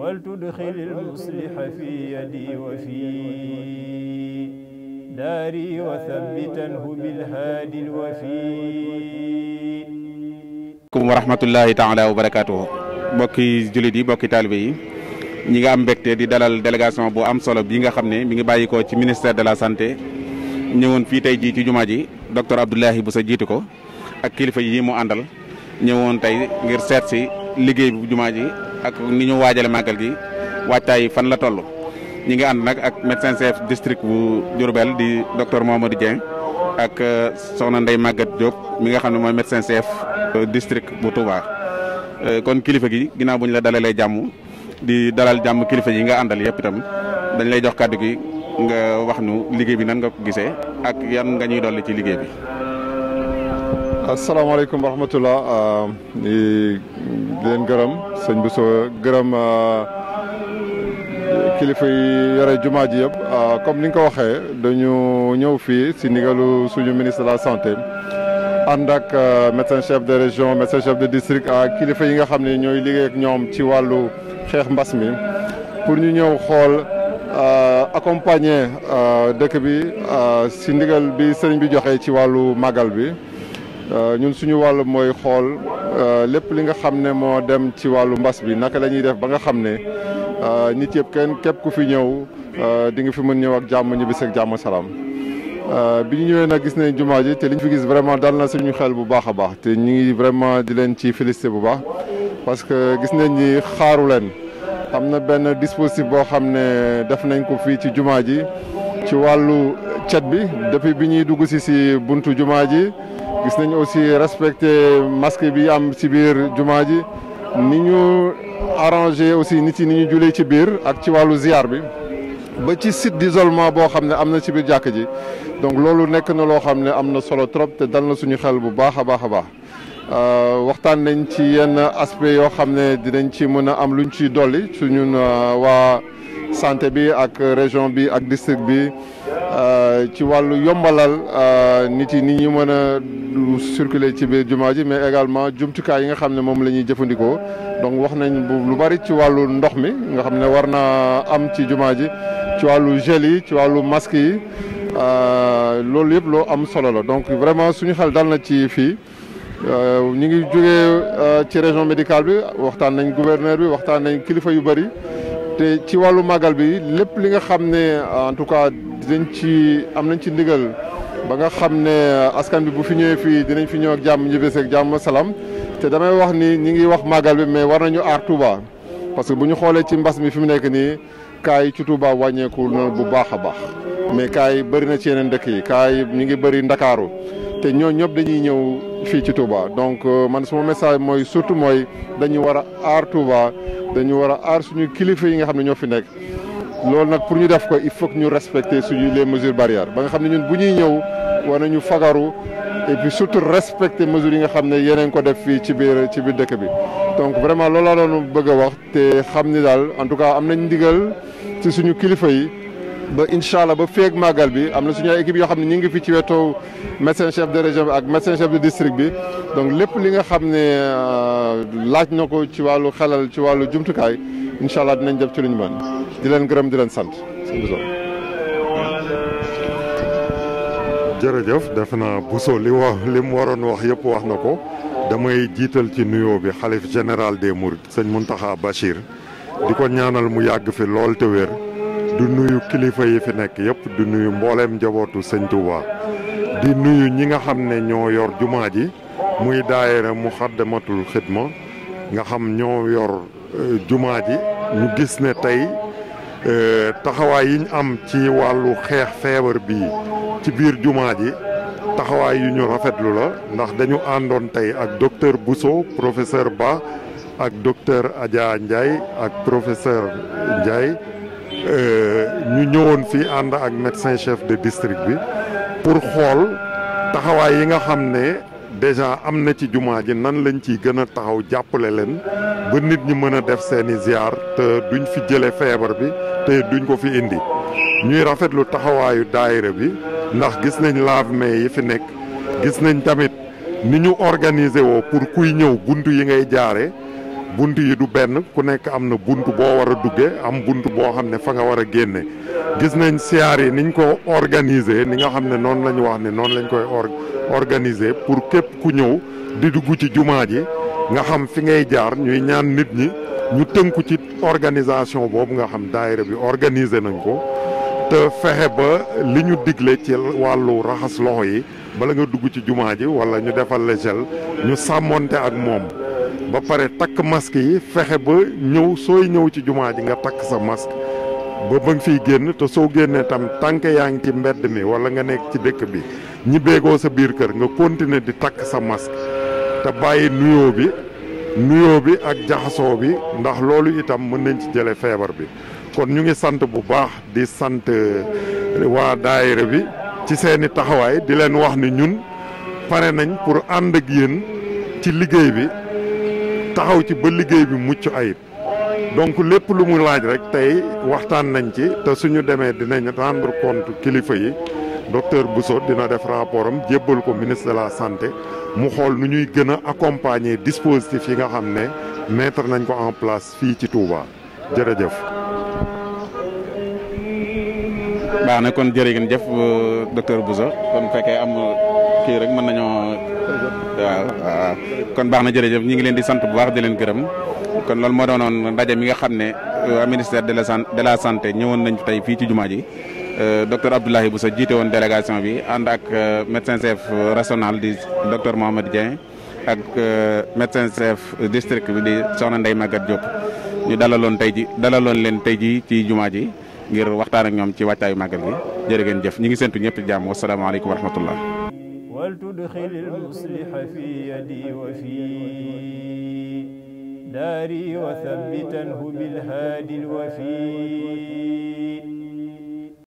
ولتدخل المصلح في يدي وفي داري وثبتنه بالهادي الوفي wa rahmatullahi taala wa barakaatuhu mbokki jullit yi mbokki taalibe yi ñi ngi am mbégte di dalal délégation bo am solo bii nga xam ne mi ngi bàyyi ko ci ministère de la santé ñëwoon fii tey jii ci jumaa ji docteur Abdoulaye Bousso jiitu ko ak kilifa yi mu àndal ñëwoon tey ngir seet si liggéey bu jumaa ji ak ni ñu waajale màggal gi waajtaay fan la toll ñi ngi ànd nag ak médecin chef district bu Diourbel di docteur Mamadou Dieng ak euh, soxna ndey Maguette jóg mi nga xam ne mooy médecin chef euh, district bu Touba euh, kon kilifa gi ginnaaw bu ñu la dalalee jàmm di dalal jàmm kilifa yi nga àndal yëpp itam dañ lay jox kàddu gi nga wax nu liggéey bi nan nga ko gisee ak yan nga ñuy dolli ci liggéey bi. asalaamaaleykum wa rahmatulah di leen gërëm. sëñ Bousso gërëm ah, kilifa yi yore jumaa ji yëpp ah, comme ni nga ko waxee dañu ñëw fii si ndigalu suñu ministre de la santé ànd ak ah, médecin chef de région médecin chef de district ak kilifa yi nga xam ni ñooy liggéey ak ñoom ci wàllu xeex mbas mi pour ñu ñëw xool accompagner dëkk bi si ndigal bi sëriñ bi joxe ci wàllu màggal bi Euh, ñun suñu wàll mooy xool euh, lépp li nga xam ne moo dem ci wàllu mbas bi naka lañuy def ba nga xam ne euh, nit yëpp kenn képp ku fi ñëw di nga fi mën ñëw ak jàmm ñibbisi ak jàmm salaam. bi ñu ñëwee nag gis nañ jumaa ji te liñ fi gis vraiment dal na suñu xel bu baax a baax te ñu ngi vraiment di leen ci félicité bu baax parce que gis nañ ni xaaru leen am na benn dispositif boo xam ne def nañ ko fii ci jumaa ji ci wàllu cet bi depuis bi ñuy dugg si si buntu jumaa ji. gis nañ aussi respecté masque bi am ci biir jumaa ji ni ñu arrangé aussi nit yi ni ñu julee ci biir ak ci wàllu ziar bi ba ci site d'isolement boo xam ne am na ci biir jàkk ji donc loolu nekk na loo xam ne am na solo trop te dal na suñu xel bu baax a baax a baax euh, waxtaan nañ ci yenn aspect yoo xam ne dinañ ci mën a am luñ ci dolli suñu euh, waa santé bi ak région bi ak district bi Euh, ci wàllu yombalal euh, nit yi nit ñi mën a circuler ci biir jumaa ji mais également jumtukaay yi nga xam ne moom la ñuy jëfandikoo donc wax nañ bu lu bari ci wàllu ndox mi nga xam ne war naa am ci jumaa ji ci wàllu gel yi ci wàllu masque yi euh, loolu yëpp loo am solo la donc vraiment suñu xel dal na ci fii ñu ngi jógee ci région médical bi waxtaan nañ gouverneur bi waxtaan nañ kilifa yu bari te ci wàllu màggal bi lépp li nga xam ne en tout cas dinañ ci am nañ ci ndigal ba nga xam ne askan bi bu fi ñëwee fii dinañ fi ñëw ak jàmm ñibbisi ak jàmm salaam te damay wax ni ñi ngi wax màggal bi mais war nañu aar Touba parce que bu ñu xoolee ci mbas mi fi mu nekk nii kaa yi ci Touba wàññeeku na bu baax a baax mais kaa yi bëri na ci yeneen dëkk yi kaa yi ñu ngi bëri Ndakaaru te ñoo ñëpp dañuy ñëw fii ci Touba donc euh, man suma message mooy surtout mooy dañu war a aar Touba war a aar suñu kilifa yi nga xam ne ñoo fi nekk loolu nag pour ñu def ko il faut que ñu respecter suñu les mesures barrières ba nga xam ne ñun bu ñuy ñëw war ñu fagaru et puis surtout respecter mesures yi nga xam ne yeneen ko def fii ci biir ci biir dëkk bi. donc vraiment loolu laa doon bëgg wax te xam ni daal en tout cas am nañ ndigal ci suñu kilifa yi ba incha allah ba feeg màggal bi am na suñu ay équipe yoo xam ne ñu ngi fi ci wetu médecin chef de région bi ak message chef de district bi donc lépp li nga xam ne euh, laaj na ko ci wàllu xelal ci wàllu jumtukaay. incha allah dinañ def ci lu ñu di leen gërëm di leen sant jërëjëf def na Bousso li mu waroon wax yépp wax na ko damay jiital ci nuyoo bi xalif général des Mourides sëñ Mountakha Bachir di ko ñaanal mu yàgg fi lool te wér du nuyu kilifa yi fi nekk yëpp du nuyu mbooleem njabootu sëñ Touba di nuyu ñi nga xam ne ñoo yor jumaa ji muy mu Muxaddamatul Xidma nga xam ñoo yor. jumaa ji ñu gis ne tey euh, taxawaay yi am ci wàllu xeex feebar bi ci biir jumaa ji taxawaay yu ñu rafetlu la ndax dañu àndoon tey ak docteur Bousso professeur Ba ak docteur Adja Ndiaye ak professeur Ndiaye euh, ñu ñëwoon fii ànd ak médecin chef de district bi pour xool taxawaay yi nga xam ne déjà am na ci jumaa ji nan lañ ciy gën a taxaw jàppale leen ba nit ñi mën a def seeni i te duñ fi jële feebar bi te duñ ko fi indi ñuy rafetlu taxawaayu daayira bi ndax gis nañ lave-mains yi fi nekk gis nañ tamit ni ñu organiser woo pour kuy ñëw bunt yi ngay jaare bunt yi du benn ku nekk am na bunt boo war a dugge am bunt boo xam ne fa nga war a génne gis nañ siyaar yi niñ ko organiser ni nga xam ne noonu la ñu wax ni noonu lañ koy or organiser pour képp ku ñëw di dugg ci jumaa ji nga xam fi ngay jaar ñuy ñaan nit ñi ñu tënku ci organisation boobu nga xam daayira bi organiser nañ ko te fexe ba li ñu digle ci wàllu raxas loxo yi bala nga dugg ci jumaa ji wala ñu defal la gel ñu sàmmonte ak moom ba pare takk mask yi fexe ba ñëw sooy ñëw ci jumaa ji nga takk sa masque ba ba nga génn te soo génnee tam tànk yaa ngi ci mbedd mi wala nga nekk ci dëkk bi ñi béegoo sa biir kër nga continuer di takk sa masque te bàyyi nuyoo bi nuyoo bi ak jaxasoo bi ndax loolu itam mën nañ ci jële feebar bi kon ñu ngi sant bu baax di sant euh, waa daayira bi ci seeni taxawaay di leen wax ni ñun pare nañ pour ànd ak yéen ci liggéey bi taxaw ci ba liggéey bi mucc ayib donc lépp lu mu laaj rek tey waxtaan nañ ci te suñu demee dinañ rendre compte kilifa yi docteur Bousso dina def rapport am jébbal ko ministre de la santé mu xool nu ñuy gën a accompagner dispositif yi nga xam ne mettre nañ ko en place fii ci Touba jërëjëf. baax na kon jërëjëf euh, docteur Bousso kon fekkee am kii rek mën nañoo waaw kon baax na jërëjëf ñi ngi leen di sant bu baax di leen gërëm. kon loolu moo doonoon ndaje mi nga xam ne euh, ministère de la de la santé ñëwoon nañ tey fii ci jumaa ji euh, docteur bu Bousso jiite woon délégation bi ànd ak euh, médecin chef régional di docteur Mohamed Dieng ak médecin chef district bi di soxna Ndeye Maguette Diop ñu dalaloon tey ji dalaloon leen tey ji ci jumaa ji ngir waxtaan ak ñoom ci wàccaayu màggal gi jërë ngeen jëf ñu ngi séntu ñëpp jàmm wasalaamaaleykum wa rahmatullah wal داري وثبتا بالهادي الوفي